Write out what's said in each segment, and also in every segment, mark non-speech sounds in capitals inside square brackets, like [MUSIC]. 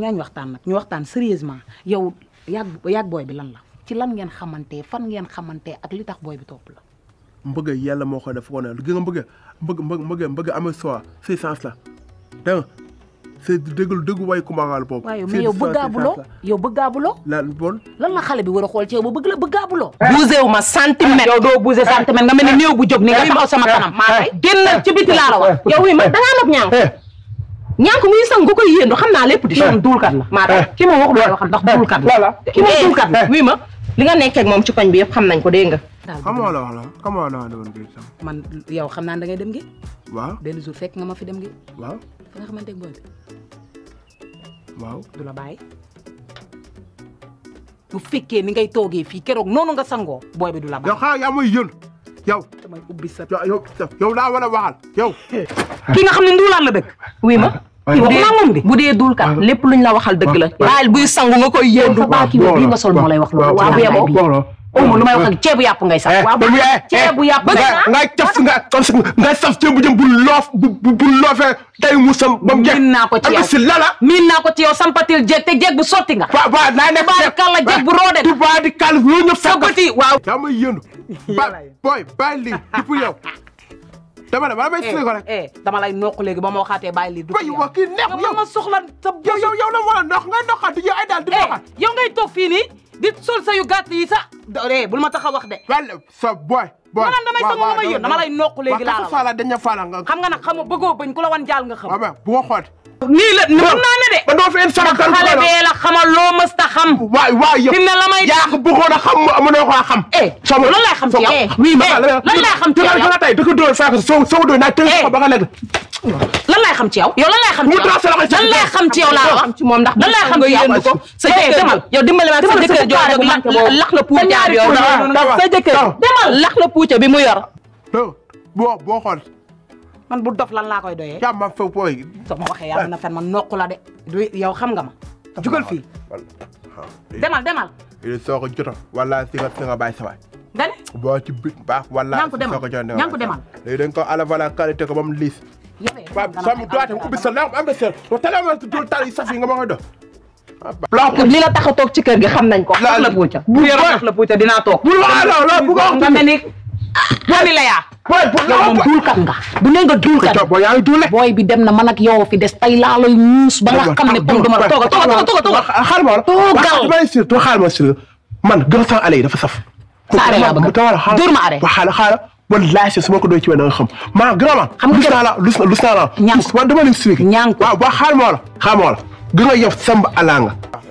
ñaañ waxtaan nak ñu waxtaan sérieusement yow yaag yaag boy bi lan la ci lan ngeen xamanté fan ngeen xamanté ak li tax boy bi top la mbëgg yàlla moo ko def wona gi nga mbeug mbeug mbeug mbeug amé so ci sens la dégg c'est deugul deug way kumagal bop waaye mais yow bëggaabuloo yow bëggaabuloo lan bon lan la xalé bi wara xol ci yow bëgg la bëggaabuloo eh. bougé wu ma centimètre eh, yow do bougé eh, centimètre nga melni neew bu jog ni nga taxaw sama kanam maa gennal ci biti la la wax yow wi ma dangaa nopp ñaaw ñànk muy sang nga koy yéendu xam naa lépp di moom duulkat la maa tax eh. ki ma wax doo eh, wax ndax eh, duulkat la ma duulkat la wii ma li nga nekkee ak moom ci koñ bi yëpp xam nañ ko dégg nga xamoo la wax la xamoo man yow xam naa da dem géej waaw benn jour fekk nga ma fi dem géej waaw fa nga xamante booy bi waaw du la bàyyi fekkee ni ngay toogee fii keroog noonu nga sangoo booy bi du la yow damay ubbi sa yow yow laa war a waxal yow. [LAUGHS] ki nga xam ne nduulaan la dëkk. wuy ma kii bu dee duul kat lépp luñ la waxal dëgg la. waaye buy sangu nga koy yéendu. waaw waaw waaw waaw sol waaw waaw waaw waaw waaw waaw waaw waaw waaw amul lu may wax ak ceebu yàpp ngay sax. Eh, waaw ceebu eh, yàpp ngay sax nga caf nga nga saf ceebu jëm bu loof bu loofee tey mu sam mu jeex. miin naa ko ci yow si lala. miin naa ko ci yow sampatil jeeg te jeeg bu sotti nga. waaw waaw naa nekk jeeg kàlla jeeg bu roode. tubaab di kàlla loolu ñëpp sa bëti waaw. dama yëndu. [LAUGHS] yàlla yëndu booy bàyyi lii di pour yow. dama ne maa may sëñ eh, ko rek. dama lay noq ba ma waxaatee bàyyi lii. du la wala noq nga noqaat di yow ay daal di noqaat. yow ngay toog fii nii di sol sa yu gàtt yi sa. doole eh, bul ma tax a wax de. wala sa boy. boy waaw damay sa moom ma yónn dama lay nokk léegi laa la wax. waaw kasa faala nga. xam nga nag xam nga bëggoo bañ ku la wan jaal nga xam. waaw bu nii la mën naa ne de. ba doo fee sama kan xale bee la xamal loo mës ta xam. waay waay yow dina la may yaa ko bëggoon a xam mënoo koo xam. Eh, sama lan eh, eh, laa xam ci yow oui ma lan laa xam ci yow dama tey dëkk doon saako soo soo doon naa tëj ko ba nga nekk. lan laay xam ci yow yow lan laay xam ci yow lan laay xam ci yow laa wax lan laay xam ci yow ko sa jëkkër yow dimbali ma sa jëkkër jooju lax la puuca bi yow sa jëkkër lax la puuca bi mu yor boo boo xool man bu dof lan laa koy doyee. caa ma few pooy. soo ma waxee yàlla na fen man nokk la de. du yow xam nga ma. jugal fii demal demal. soo ko jotoon wala si nga si nga bàyyi sa waay. nga ne. boo ci bit baax wala. ña ko demal ña ko demal. léegi dañu ko ala wala qualité ko ba mu liis. waaw soo mu doyaatee ubbi sa naam am na seen wa tala ma tudd taal yi saf yi nga ma koy dox. Ah, loolu li a toog ci kër gi xam nañ ko. la la puuca bu yoroon la puuca dinaa toog. bu la la la bu ko wax booy Leya. yow moom duulkat bu ne nga duulkat booy bi dem na man ak yow fi des tay laa lay muus ba nga xam ne pom du ma la toogal toogal toogal toogal. toogal xaaral ma surtout man gën a sax ale yi dafa saf. sa are laa bëgg ma are xaaral xaaral walaay ko doon ci wéy na nga xam maa grand xam nga naa la lus naa la. ñànk waaw waaw xaaral ma a yow Samba Ala nga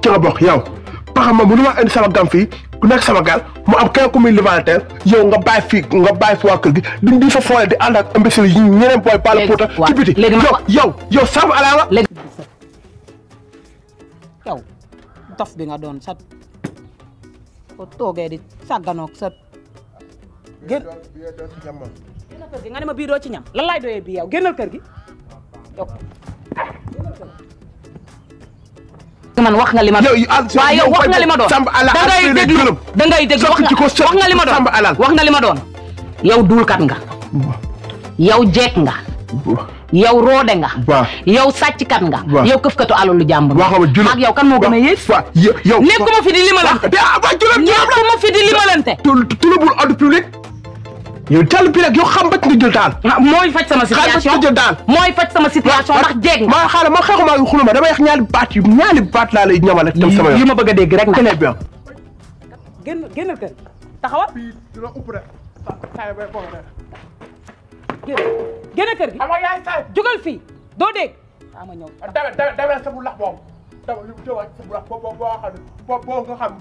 ci nga bokk yow paxa ma mënu maa indi sama gam fii ku nekk sama gaal mu am kenn ku muy levanter yow nga bàyyi fii nga bàyyi fi waa kër gi duñ di fa foolee di ànd ak imbécile yi ñeneen booy bàll puuta ci biti yow yow yow sam ala la yow dof bi nga doon sa ko toogee di sàgganoog sa génn génn kër gi nga ne ma bii doo ci ñam lan laay doyee bii yow génnal kër gi man wax nga li ma doon. waaw yow wax nga li ma doon. da ngay déglu da ngay déglu wax nga li ma doon wax nga li ma doon. yow duulkat nga. yow jeeg nga. yow roode nga. yow sàcckat nga. yow këfkatu alalu jàmbur. ak yow kan moo gën a yées. yow nekkuma fi di limalante. nekkuma fi yow jàll bi rek yow xam bëccëg nga ah, jël daal. mooy faj sama situation xaaral jël daal. mooy faj sama situation ndax jéeg ma. maa xaaral ma xeexu maa xuluma dama yàq ñaari baat yu ñaari baat laa lay ñamal ak. tam sama yoon yi ma bëgg a dégg rek nag. génn génn kër taxawal. génn kër gi. jugal fii doo dégg. daa ah, ma ñëw dama dama dama sa bu lax boobu dama li mu jëwaat sa bu lax boobu boo xam ne boo nga xam.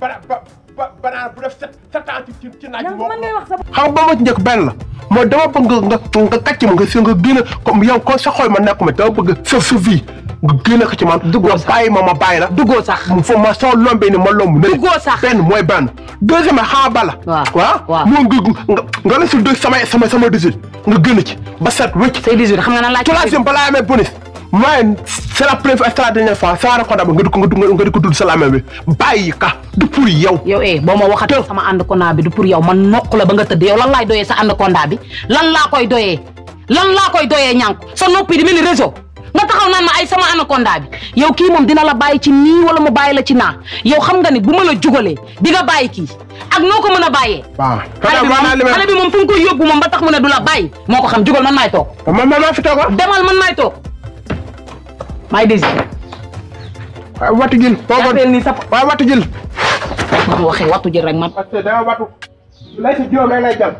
ba ba banaana bu def sept ans ci ci naaj bi. mën ngay wax sa xam ba ma njëkk benn la mooy dama bëgg nga nga kàcc ma nga si nga génn comme yow ko sa xol ma nekk ma dama bëgg sa sa vie nga génn ko ci man. duggoo sax nga bàyyi ma ma bàyyi la. duggoo sax mu fo ma soo lombee ni ma lomb. duggoo sax benn mooy benn. deuxième xaa bala. waaw waaw moom nga nga la si sama sama sama 18 nga génn ci ba set wécc. say 18 xam nga nan laa ci troisième balaa amee bonus. man c'est la première fois c'est la dernière fois saa ko dama nga di ko nga di ko tudd salaame bi bàyyi ka du pour yow. yow eh boo ma waxatee sama ànd kondaa bi du pour yaw man nokk la ba nga tëdd yow lan laay doyee sa ànd kondaa bi laa koy doyee lan laa koy doyee ñànk sa noppi di mel ni réseau nga taxaw naan ma ay sama anaconda bi yow kii moom dina la bàyyi ci nii wala mu bàyyi la ci naa yaw xam nga ni bu ma la jugalee bi nga bàyyi kii ak noo ko a bàyyee. waaw xale bi moom fu mu koy ba tax mu ne du la moo ko xam jugal man maay toog. man man maa fi may désir watu jël toogal ni sap waaw watu jël ma ko waxee watu jël rek man parce que watu lay ci juróom lay lay jam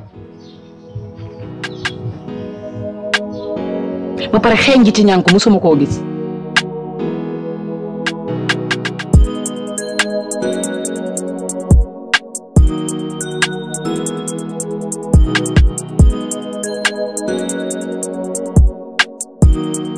ba pare xeeñ ji ci ñànku musuma koo gis thank you